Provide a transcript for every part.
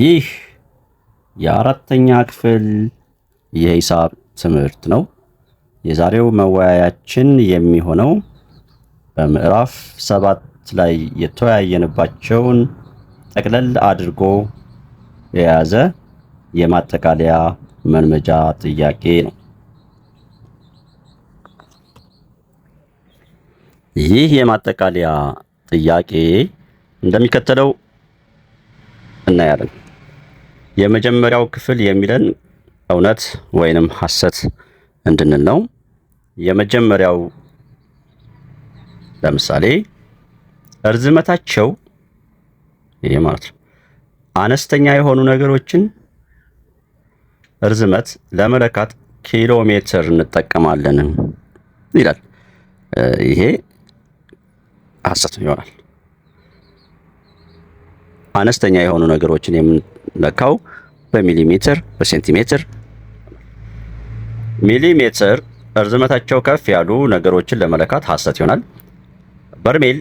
ይህ የአራተኛ ክፍል የሂሳብ ትምህርት ነው። የዛሬው መወያያችን የሚሆነው በምዕራፍ ሰባት ላይ የተወያየንባቸውን ጠቅለል አድርጎ የያዘ የማጠቃለያ መልመጃ ጥያቄ ነው። ይህ የማጠቃለያ ጥያቄ እንደሚከተለው እናያለን። የመጀመሪያው ክፍል የሚለን እውነት ወይንም ሐሰት እንድንል ነው። የመጀመሪያው ለምሳሌ እርዝመታቸው ይሄ ማለት ነው አነስተኛ የሆኑ ነገሮችን እርዝመት ለመለካት ኪሎ ሜትር እንጠቀማለን ይላል። ይሄ ሐሰት ይሆናል። አነስተኛ የሆኑ ነገሮችን የምንለካው በሚሊሜትር በሴንቲሜትር ሚሊሜትር እርዝመታቸው ከፍ ያሉ ነገሮችን ለመለካት ሐሰት ይሆናል። በርሜል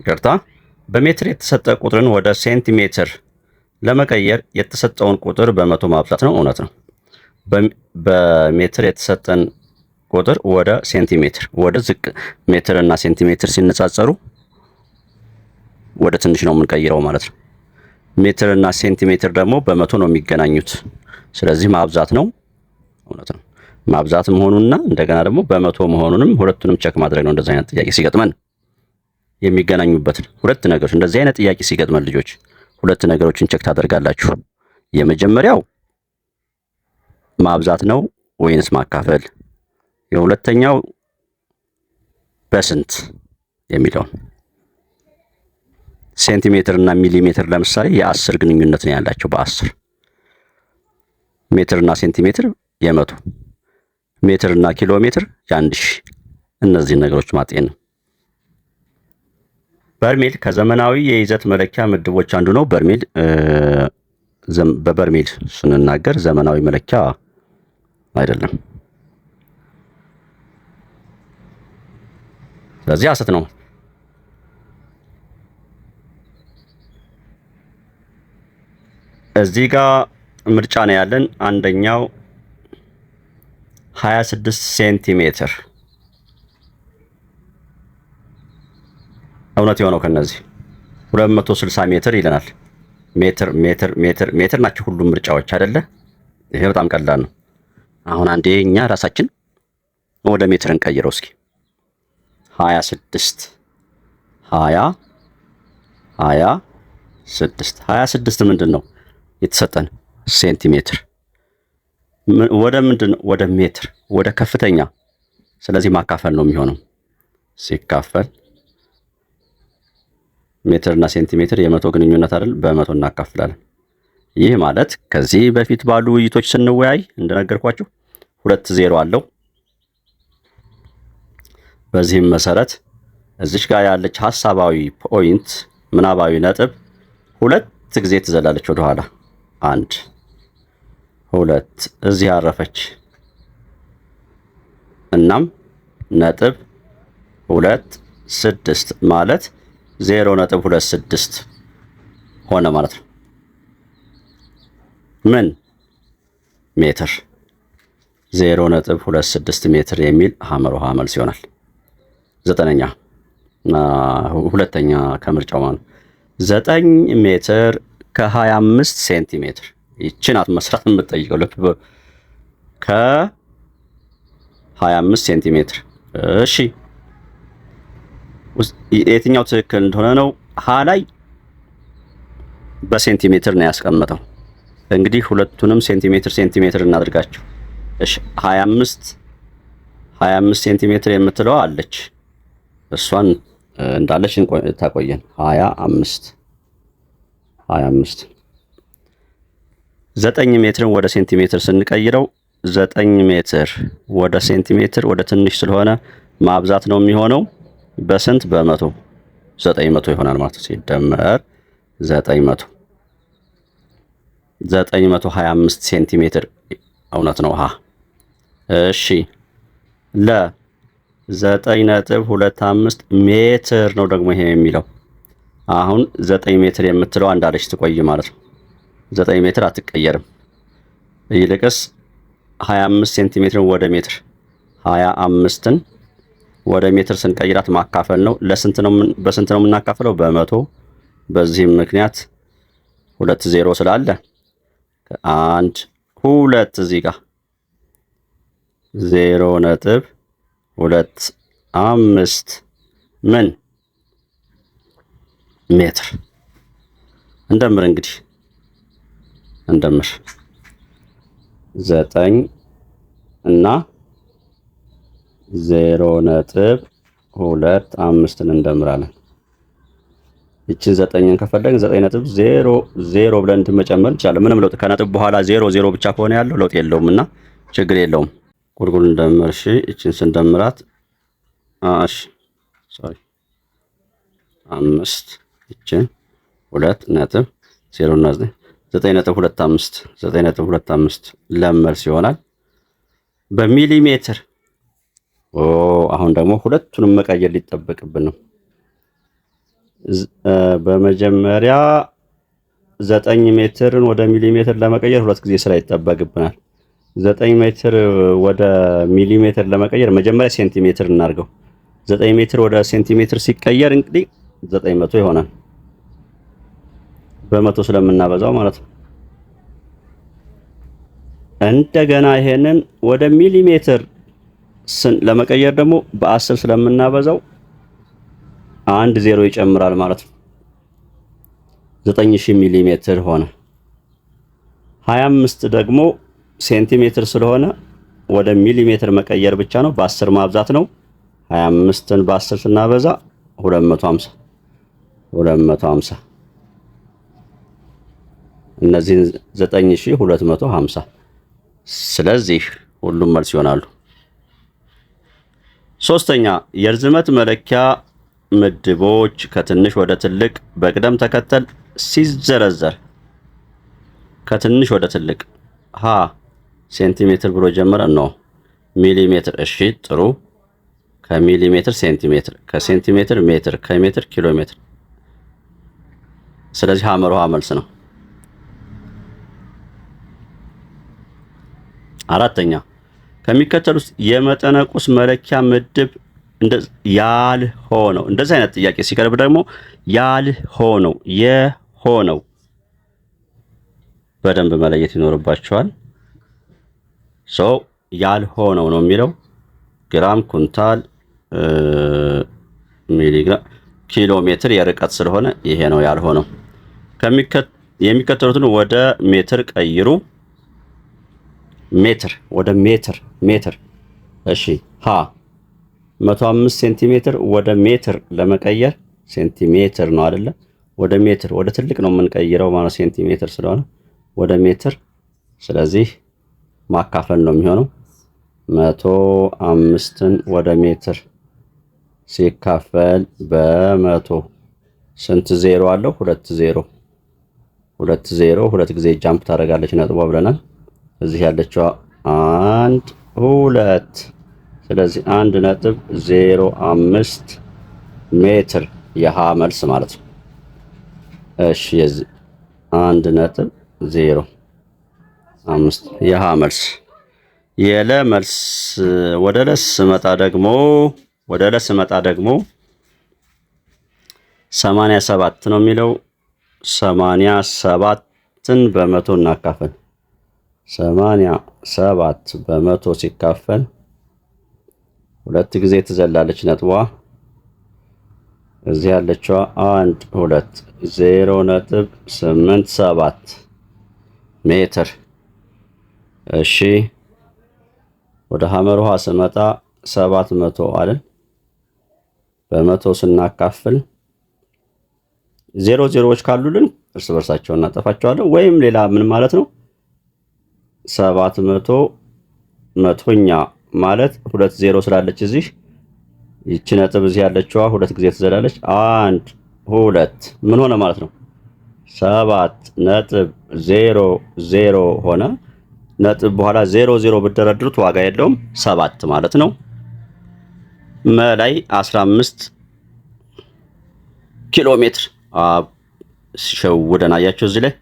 ይቅርታ፣ በሜትር የተሰጠ ቁጥርን ወደ ሴንቲሜትር ለመቀየር የተሰጠውን ቁጥር በመቶ ማብዛት ነው። እውነት ነው። በሜትር የተሰጠን ቁጥር ወደ ሴንቲሜትር ወደ ዝቅ ሜትር እና ሴንቲሜትር ሲነጻጸሩ ወደ ትንሽ ነው የምንቀይረው ማለት ነው። ሜትር እና ሴንቲሜትር ደግሞ በመቶ ነው የሚገናኙት። ስለዚህ ማብዛት ነው እውነት ነው ማብዛት መሆኑንና እንደገና ደግሞ በመቶ መሆኑንም ሁለቱንም ቸክ ማድረግ ነው። እንደዚህ አይነት ጥያቄ ሲገጥመን የሚገናኙበትን ሁለት ነገሮች እንደዚህ አይነት ጥያቄ ሲገጥመን ልጆች ሁለት ነገሮችን ቸክ ታደርጋላችሁ። የመጀመሪያው ማብዛት ነው ወይንስ ማካፈል፣ የሁለተኛው በስንት የሚለውን ሴንቲሜትር እና ሚሊሜትር ለምሳሌ የአስር ግንኙነት ነው ያላቸው። በአስር ሜትር እና ሴንቲሜትር የመቶ ሜትር እና ኪሎ ሜትር የአንድ ሺህ እነዚህን ነገሮች ማጤን። በርሜል ከዘመናዊ የይዘት መለኪያ ምድቦች አንዱ ነው። በርሜል በበርሜል ስንናገር ዘመናዊ መለኪያ አይደለም። ስለዚህ አሰት ነው። እዚህ ጋር ምርጫ ነው ያለን። አንደኛው 26 ሴንቲሜትር እውነት የሆነው ከነዚህ 260 ሜትር ይለናል። ሜትር ሜትር ሜትር ሜትር ናቸው ሁሉም ምርጫዎች አይደለ? ይሄ በጣም ቀላል ነው። አሁን አንዴ እኛ ራሳችን ወደ ሜትር እንቀይረው እስኪ 26 20 20 6 26 ምንድን ነው? የተሰጠን ሴንቲሜትር ወደ ምንድን ወደ ሜትር፣ ወደ ከፍተኛ። ስለዚህ ማካፈል ነው የሚሆነው። ሲካፈል እና ሴንቲሜትር የመቶ ግንኙነት አይደል? በመቶ እናካፍላለን። ይህ ማለት ከዚህ በፊት ባሉ ውይይቶች ስንወያይ እንደነገርኳችሁ ሁለት ዜሮ አለው። በዚህም መሰረት እዚች ጋር ያለች ሀሳባዊ ፖይንት ምናባዊ ነጥብ ሁለት ጊዜ ትዘላለች ወደኋላ አንድ ሁለት እዚህ አረፈች። እናም ነጥብ ሁለት ስድስት ማለት ዜሮ ነጥብ ሁለት ስድስት ሆነ ማለት ነው። ምን ሜትር ዜሮ ነጥብ ሁለት ስድስት ሜትር የሚል ሀመር ውሃ መልስ ይሆናል። ዘጠነኛ ሁለተኛ ከምርጫው ማለት ዘጠኝ ሜትር ከ25 ሴንቲሜትር ይችናት መስራት የምጠይቀው ልብ ከ25 ሴንቲሜትር። እሺ የትኛው ትክክል እንደሆነ ነው። ሀ ላይ በሴንቲሜትር ነው ያስቀመጠው። እንግዲህ ሁለቱንም ሴንቲሜትር ሴንቲሜትር እናድርጋቸው። እሺ 25 25 ሴንቲሜትር የምትለው አለች። እሷን እንዳለች ታቆየን። 25 25 ዘጠኝ ሜትርን ወደ ሴንቲሜትር ስንቀይረው ዘጠኝ ሜትር ወደ ሴንቲሜትር ወደ ትንሽ ስለሆነ ማብዛት ነው የሚሆነው። በስንት በመቶ ዘጠኝ መቶ ይሆናል ማለት ነው። ሲደመር ዘጠኝ መቶ ዘጠኝ መቶ ሀያ አምስት ሴንቲሜትር እውነት ነው። ሀ እሺ። ለ ዘጠኝ ነጥብ ሁለት አምስት ሜትር ነው ደግሞ ይሄ የሚለው አሁን ዘጠኝ ሜትር የምትለው አንዳለች ትቆይ ማለት ነው። ዘጠኝ ሜትር አትቀየርም። ይልቅስ ሀያ አምስት ሴንቲሜትርን ወደ ሜትር ሀያ አምስትን ወደ ሜትር ስንቀይራት ማካፈል ነው። ለስንት ነው? በስንት ነው የምናካፍለው? በመቶ በዚህም ምክንያት ሁለት ዜሮ ስላለ አንድ ሁለት እዚህ ጋር ዜሮ ነጥብ ሁለት አምስት ምን ሜትር እንደምር እንግዲህ እንደምር ዘጠኝ እና ዜሮ ነጥብ ሁለት አምስትን እንደምራለን። ይችን ዘጠኝን ከፈለግን ዘጠኝ ነጥብ ዜሮ ዜሮ ብለን እንትን መጨመር እንችላለን። ምንም ለውጥ ከነጥብ በኋላ ዜሮ ዜሮ ብቻ ከሆነ ያለው ለውጥ የለውም እና ችግር የለውም። ቁልቁል እንደምር እሺ፣ ይችን ስንደምራት እሺ፣ ሶሪ አምስት ይችን ሁለት ነጥብ ዜሮ እና ዘጠኝ ነጥብ ሁለት አምስት ዘጠኝ ነጥብ ሁለት አምስት ለመልስ ይሆናል። በሚሊሜትር ኦ አሁን ደግሞ ሁለቱንም መቀየር ሊጠበቅብን ነው። በመጀመሪያ ዘጠኝ ሜትርን ወደ ሚሊሜትር ለመቀየር ሁለት ጊዜ ስራ ይጠበቅብናል። ዘጠኝ ሜትር ወደ ሚሊሜትር ለመቀየር መጀመሪያ ሴንቲሜትር እናድርገው። ዘጠኝ ሜትር ወደ ሴንቲሜትር ሲቀየር እንግዲህ ዘጠኝ መቶ ይሆናል። በመቶ ስለምናበዛው ማለት ነው። እንደገና ይሄንን ወደ ሚሊሜትር ስን ለመቀየር ደግሞ በአስር ስለምናበዛው አንድ ዜሮ ይጨምራል ማለት ነው። 9000 ሚሊሜትር ሆነ። 25 ደግሞ ሴንቲሜትር ስለሆነ ወደ ሚሊሜትር መቀየር ብቻ ነው። በ10 ማብዛት ነው። 25ን በ10 ስናበዛ 250 250 እነዚህን 9250 ስለዚህ ሁሉም መልስ ይሆናሉ። ሶስተኛ የርዝመት መለኪያ ምድቦች ከትንሽ ወደ ትልቅ በቅደም ተከተል ሲዘረዘር ከትንሽ ወደ ትልቅ ሀ ሴንቲሜትር ብሎ ጀመረ። ነው ሚሊሜትር። እሺ ጥሩ። ከሚሊሜትር ሴንቲሜትር፣ ከሴንቲሜትር ሜትር፣ ከሜትር ኪሎ ሜትር ስለዚህ ሀመርሃ መልስ ነው። አራተኛ ከሚከተሉት የመጠነ ቁስ መለኪያ ምድብ ያልሆነው እንደዚህ አይነት ጥያቄ ሲቀርብ ደግሞ ያልሆነው የሆነው በደንብ መለየት ይኖርባቸዋል። ሰው ያልሆነው ነው የሚለው ግራም፣ ኩንታል፣ ሚሊግራም፣ ኪሎ ሜትር የርቀት ስለሆነ ይሄ ነው ያልሆነው። የሚከተሉትን ወደ ሜትር ቀይሩ። ሜትር ወደ ሜትር ሜትር። እሺ ሀ 105 ሴንቲሜትር ወደ ሜትር ለመቀየር ሴንቲሜትር ነው አይደለ? ወደ ሜትር ወደ ትልቅ ነው የምንቀይረው ማለት ሴንቲሜትር ስለሆነ ወደ ሜትር፣ ስለዚህ ማካፈል ነው የሚሆነው። መቶ አምስትን ወደ ሜትር ሲካፈል በመቶ ስንት ዜሮ አለው? ሁለት ዜሮ ሁለት ዜሮ ሁለት ጊዜ ጃምፕ ታደርጋለች ነጥቧ ብለናል። እዚህ ያለችዋ አንድ ሁለት፣ ስለዚህ አንድ ነጥብ ዜሮ አምስት ሜትር የሀ መልስ ማለት ነው። እሺ የዚህ አንድ ነጥብ ዜሮ አምስት የሀ መልስ። የለ መልስ ወደ ለስ ስመጣ ደግሞ ወደ ለስ ስመጣ ደግሞ ሰማንያ ሰባት ነው የሚለው ሰማንያ ሰባትን በመቶ እናካፈል። ሰማንያ ሰባት በመቶ ሲካፈል ሁለት ጊዜ ትዘላለች ነጥቧ። እዚህ ያለችዋ አንድ ሁለት ዜሮ ነጥብ ስምንት ሰባት ሜትር። እሺ ወደ ሐመር ውሃ ስመጣ ሰባት መቶ አለን በመቶ ስናካፍል ዜሮ ዜሮዎች ካሉልን እርስ በርሳቸው እናጠፋቸዋለን። ወይም ሌላ ምን ማለት ነው? ሰባት መቶ መቶኛ ማለት ሁለት ዜሮ ስላለች እዚህ ይቺ ነጥብ እዚህ ያለችዋ ሁለት ጊዜ ትዘላለች። አንድ ሁለት ምን ሆነ ማለት ነው? ሰባት ነጥብ ዜሮ ዜሮ ሆነ። ነጥብ በኋላ ዜሮ ዜሮ ብደረድሩት ዋጋ የለውም ሰባት ማለት ነው። መላይ አምስት ኪሎ ሜትር ሲሸውደን አያቸው እዚህ ላይ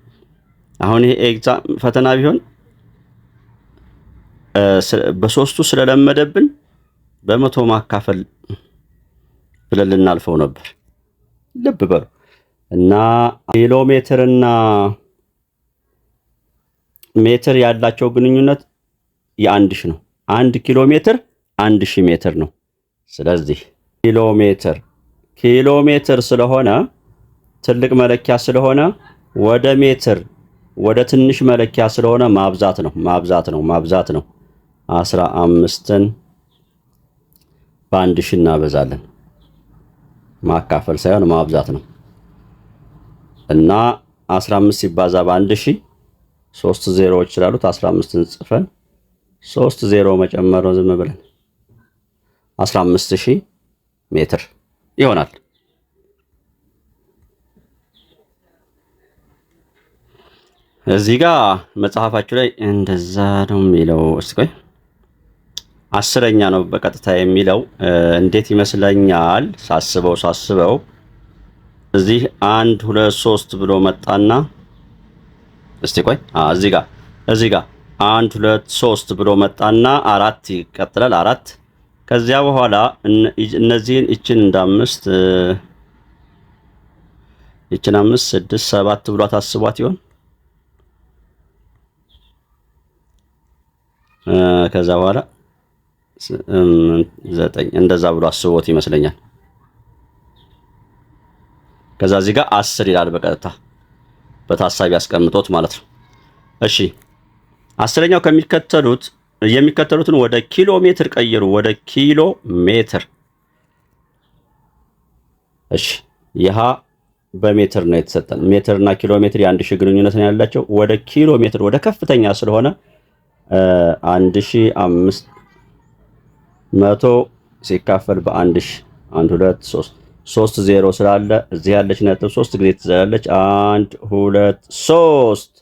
አሁን ይሄ ኤግዛም ፈተና ቢሆን በሶስቱ ስለለመደብን በመቶ ማካፈል ብለን ልናልፈው ነበር። ልብ በሉ እና ኪሎ ሜትርና ሜትር ያላቸው ግንኙነት የአንድ ሺ ነው። አንድ ኪሎ ሜትር አንድ ሺ ሜትር ነው። ስለዚህ ኪሎ ሜትር ኪሎ ሜትር ስለሆነ ትልቅ መለኪያ ስለሆነ ወደ ሜትር ወደ ትንሽ መለኪያ ስለሆነ ማብዛት ነው ማብዛት ነው ማብዛት ነው። አስራ አምስትን በአንድ ሺ እናበዛለን። ማካፈል ሳይሆን ማብዛት ነው እና 15 ሲባዛ በአንድ ሺህ ሶስት ዜሮዎች ስላሉት 15ን ጽፈን ሶስት ዜሮ መጨመር ዝም ብለን 15ሺህ ሜትር ይሆናል። እዚህ ጋር መጽሐፋችሁ ላይ እንደዛ ነው የሚለው። እስኪ ቆይ አስረኛ ነው በቀጥታ የሚለው እንዴት ይመስለኛል ሳስበው ሳስበው እዚህ አንድ ሁለት ሶስት ብሎ መጣና እስቲ ቆይ እዚህ ጋር እዚህ ጋር አንድ ሁለት ሶስት ብሎ መጣና አራት ይቀጥላል። አራት ከዚያ በኋላ እነዚህን እችን እንደ አምስት እችን አምስት ስድስት ሰባት ብሏት አስቧት ይሆን ከዛ በኋላ ዘጠኝ እንደዛ ብሎ አስቦት ይመስለኛል። ከዛ እዚህ ጋር አስር ይላል በቀጥታ በታሳቢ ያስቀምጦት ማለት ነው። እሺ አስረኛው ከሚከተሉት የሚከተሉትን ወደ ኪሎ ሜትር ቀይሩ። ወደ ኪሎ ሜትር እሺ ይሃ በሜትር ነው የተሰጠን። ሜትርና ኪሎ ሜትር የአንድ ሺህ ግንኙነት ነው ያላቸው። ወደ ኪሎ ሜትር ወደ ከፍተኛ ስለሆነ አንድ ሺ አምስት መቶ ሲካፈል በአንድ ሺ አንድ ሁለት ሶስት ሶስት ዜሮ ስላለ እዚህ ያለች ነጥብ ሶስት ጊዜ ትዘላለች። አንድ ሁለት ሶስት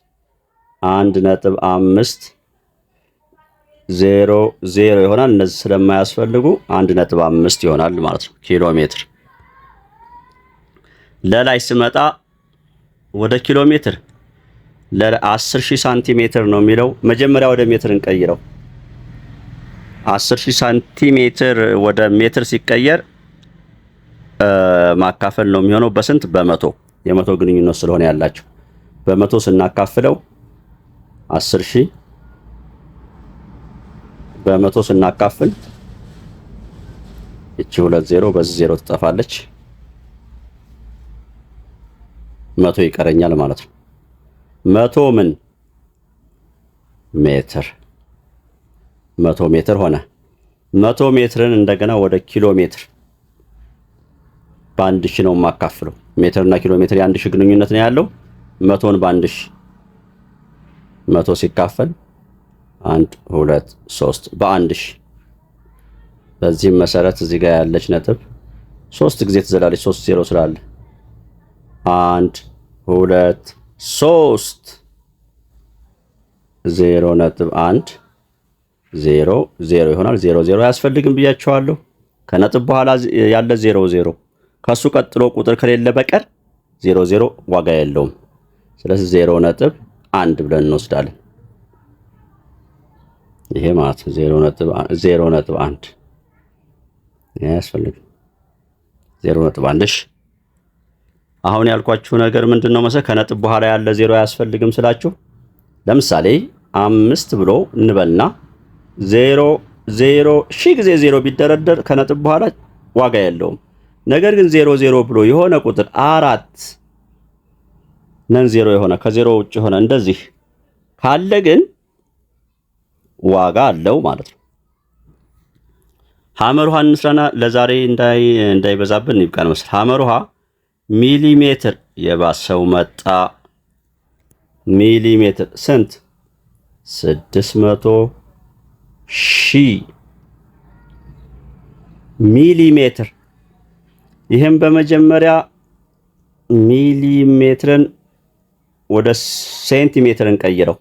አንድ ነጥብ አምስት ዜሮ ዜሮ ይሆናል። እነዚህ ስለማያስፈልጉ አንድ ነጥብ አምስት ይሆናል ማለት ነው ኪሎ ሜትር። ለላይ ስመጣ ወደ ኪሎ ሜትር ለ10 ሺህ ሳንቲሜትር ነው የሚለው። መጀመሪያ ወደ ሜትር እንቀይረው። 10 ሺህ ሳንቲሜትር ወደ ሜትር ሲቀየር ማካፈል ነው የሚሆነው በስንት? በመቶ የመቶ ግንኙነት ስለሆነ ያላቸው በመቶ ስናካፍለው 10 ሺህ በመቶ ስናካፍል እቺ ሁለት ዜሮ በዚህ ዜሮ ትጠፋለች። መቶ ይቀረኛል ማለት ነው። መቶ ምን ሜትር መቶ ሜትር ሆነ። መቶ ሜትርን እንደገና ወደ ኪሎ ሜትር በአንድ ሺ ነው የማካፍለው። ሜትርና ኪሎ ሜትር የአንድ ሺ ግንኙነት ነው ያለው። መቶን በአንድ ሺ መቶ ሲካፈል አንድ ሁለት ሶስት በአንድ ሺ። በዚህም መሰረት እዚህ ጋር ያለች ነጥብ ሶስት ጊዜ ትዘላለች። ሶስት ዜሮ ስላለ አንድ ሁለት ሶስት ዜሮ ነጥብ አንድ ዜሮ ዜሮ ይሆናል። ዜሮ ዜሮ አያስፈልግም ብያቸዋለሁ። ከነጥብ በኋላ ያለ ዜሮ ዜሮ ከሱ ቀጥሎ ቁጥር ከሌለ በቀር ዜሮ ዜሮ ዋጋ የለውም። ስለዚህ ዜሮ ነጥብ አንድ ብለን እንወስዳለን። ይሄ ማለት ዜሮ ነጥብ አንድ አያስፈልግም። ዜሮ ነጥብ አንድ እሺ አሁን ያልኳችሁ ነገር ምንድን ነው መሰለህ? ከነጥብ በኋላ ያለ ዜሮ አያስፈልግም ስላችሁ፣ ለምሳሌ አምስት ብሎ እንበልና ዜሮ ዜሮ ሺህ ጊዜ ዜሮ ቢደረደር ከነጥብ በኋላ ዋጋ የለውም። ነገር ግን ዜሮ ዜሮ ብሎ የሆነ ቁጥር አራት ነን ዜሮ የሆነ ከዜሮ ውጭ የሆነ እንደዚህ ካለ ግን ዋጋ አለው ማለት ነው። ሐመር ውሃ እንስራና ለዛሬ እንዳይበዛብን ይብቃን መስል ሐመር ውሃ ሚሊሜትር የባሰው መጣ። ሚሊሜትር ስንት? ስድስት መቶ ሺህ ሚሊሜትር። ይህም በመጀመሪያ ሚሊሜትርን ወደ ሴንቲሜትርን ቀይረው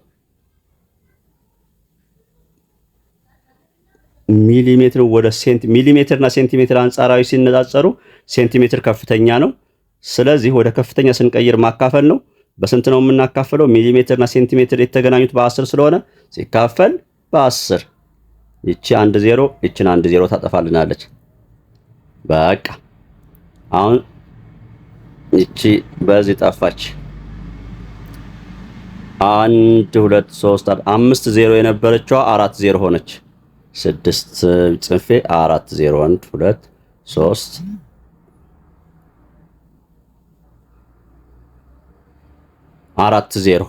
ሚሊሜትር ወደ ሴንቲ ሚሊሜትርና ሴንቲሜትር አንጻራዊ ሲነጻጸሩ ሴንቲሜትር ከፍተኛ ነው። ስለዚህ ወደ ከፍተኛ ስንቀይር ማካፈል ነው። በስንት ነው የምናካፍለው? ሚሊሜትርና ሴንቲሜትር የተገናኙት በአስር ስለሆነ ሲካፈል በአስር ይቺ አንድ ዜሮ ይቺን አንድ ዜሮ ታጠፋልናለች። በቃ አሁን ይቺ በዚህ ጠፋች። አንድ ሁለት ሶስት አምስት ዜሮ የነበረችዋ አራት ዜሮ ሆነች። ስድስት ጽንፌ አራት ዜሮ አንድ ሁለት ሶስት አራት ዜሮ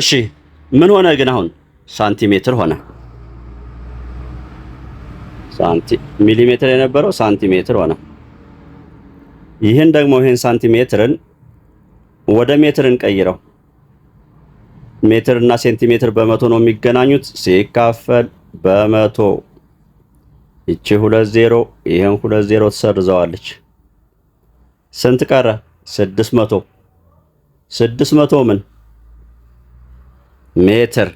እሺ ምን ሆነ ግን አሁን ሳንቲሜትር ሆነ ሳንቲ ሚሊሜትር የነበረው ሳንቲሜትር ሆነ ይህን ደግሞ ይህን ሳንቲሜትርን ወደ ሜትርን ቀይረው ሜትር እና ሴንቲሜትር በመቶ ነው የሚገናኙት ሲካፈል በመቶ ይቺ ሁለት ዜሮ ይህን ሁለት ዜሮ ትሰርዘዋለች ስንት ቀረ ስድስት መቶ ስድስት መቶ ምን ሜትር።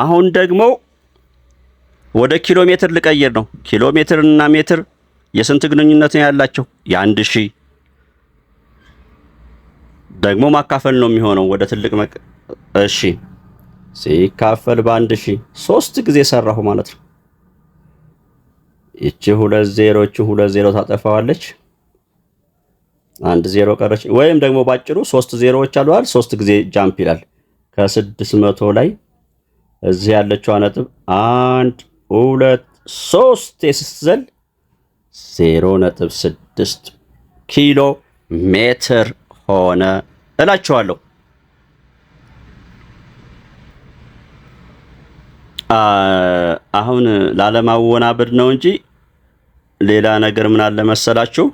አሁን ደግሞ ወደ ኪሎ ሜትር ልቀይር ነው። ኪሎ ሜትር እና ሜትር የስንት ግንኙነት ነው ያላቸው? የአንድ ሺህ ደግሞ ማካፈል ነው የሚሆነው ወደ ትልቅ መቅ እሺ፣ ሲካፈል በአንድ ሺህ ሶስት ጊዜ ሰራሁ ማለት ነው። ይቺ ሁለት ዜሮች ሁለት ዜሮ ታጠፋዋለች። አንድ ዜሮ ቀረች። ወይም ደግሞ ባጭሩ ሶስት ዜሮዎች አሉ ሶስት ጊዜ ጃምፕ ይላል። ከስድስት መቶ ላይ እዚህ ያለችዋ ነጥብ አንድ ሁለት ሶስት ስትዘል ዜሮ ነጥብ ስድስት ኪሎ ሜትር ሆነ እላችኋለሁ። አሁን ላለማወናበድ ነው እንጂ ሌላ ነገር ምን አለ መሰላችሁ?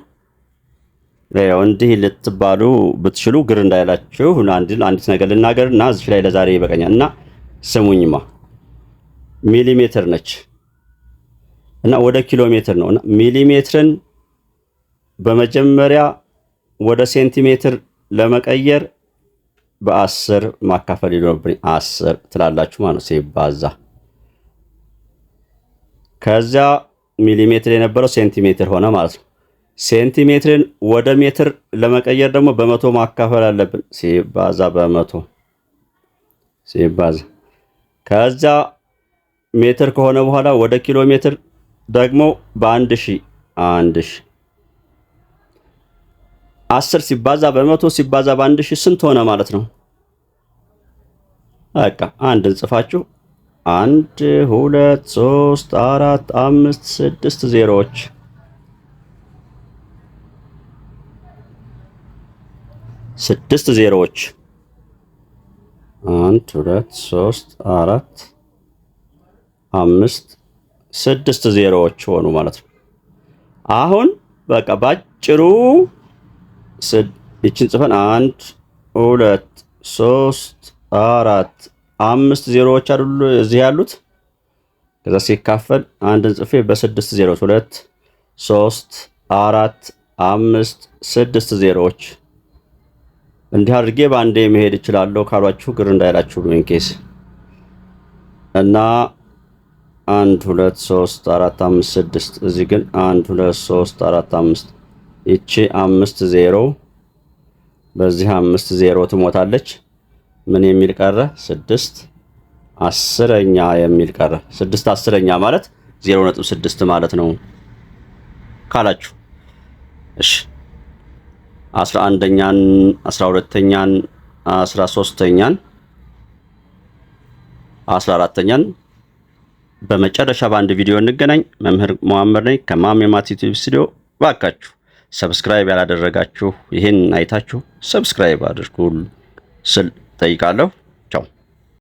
እንዲህ ልትባሉ ብትችሉ ግር እንዳይላችሁ አንዲት ነገር ልናገር እና እዚች ላይ ለዛሬ ይበቀኛል እና ስሙኝማ። ሚሊሜትር ነች እና ወደ ኪሎ ሜትር ነው እና ሚሊሜትርን በመጀመሪያ ወደ ሴንቲሜትር ለመቀየር በአስር ማካፈል ይኖርብኝ። አስር ትላላችሁ ማለት ነው ሲባዛ። ከዚያ ሚሊሜትር የነበረው ሴንቲሜትር ሆነ ማለት ነው። ሴንቲሜትርን ወደ ሜትር ለመቀየር ደግሞ በመቶ ማካፈል አለብን። ሲባዛ በመቶ ሲባዛ ከዛ ሜትር ከሆነ በኋላ ወደ ኪሎ ሜትር ደግሞ በአንድ ሺህ አንድ ሺ አስር ሲባዛ በመቶ ሲባዛ በአንድ ሺህ ስንት ሆነ ማለት ነው? በቃ አንድ እንጽፋችሁ አንድ ሁለት ሶስት አራት አምስት ስድስት ዜሮዎች ስድስት ዜሮዎች አንድ ሁለት ሶስት አራት አምስት ስድስት ዜሮዎች ሆኑ ማለት ነው። አሁን በቃ ባጭሩ ይችን ጽፈን አንድ ሁለት ሶስት አራት አምስት ዜሮዎች አይደሉ እዚህ ያሉት። ከዛ ሲካፈል አንድን ጽፌ በስድስት ዜሮዎች ሁለት ሶስት አራት አምስት ስድስት ዜሮዎች እንዲህ አድርጌ በአንዴ መሄድ እችላለሁ ካሏችሁ ግር እንዳይላችሁ ኬስ እና አንድ ሁለት ሶስት አራት አምስት ስድስት እዚህ ግን አንድ ሁለት ሶስት አራት አምስት ይቺ አምስት ዜሮ በዚህ አምስት ዜሮ ትሞታለች። ምን የሚል ቀረ? ስድስት አስረኛ የሚል ቀረ። ስድስት አስረኛ ማለት ዜሮ ነጥብ ስድስት ማለት ነው ካላችሁ እሺ አስራ አንደኛን አስራ ሁለተኛን አስራ ሶስተኛን አስራ አራተኛን በመጨረሻ በአንድ ቪዲዮ እንገናኝ። መምህር መዋመር ነኝ ከማሜ ማት ዩቲዩብ ስቱዲዮ። ባካችሁ ሰብስክራይብ ያላደረጋችሁ ይህን አይታችሁ ሰብስክራይብ አድርጉ ስል ጠይቃለሁ።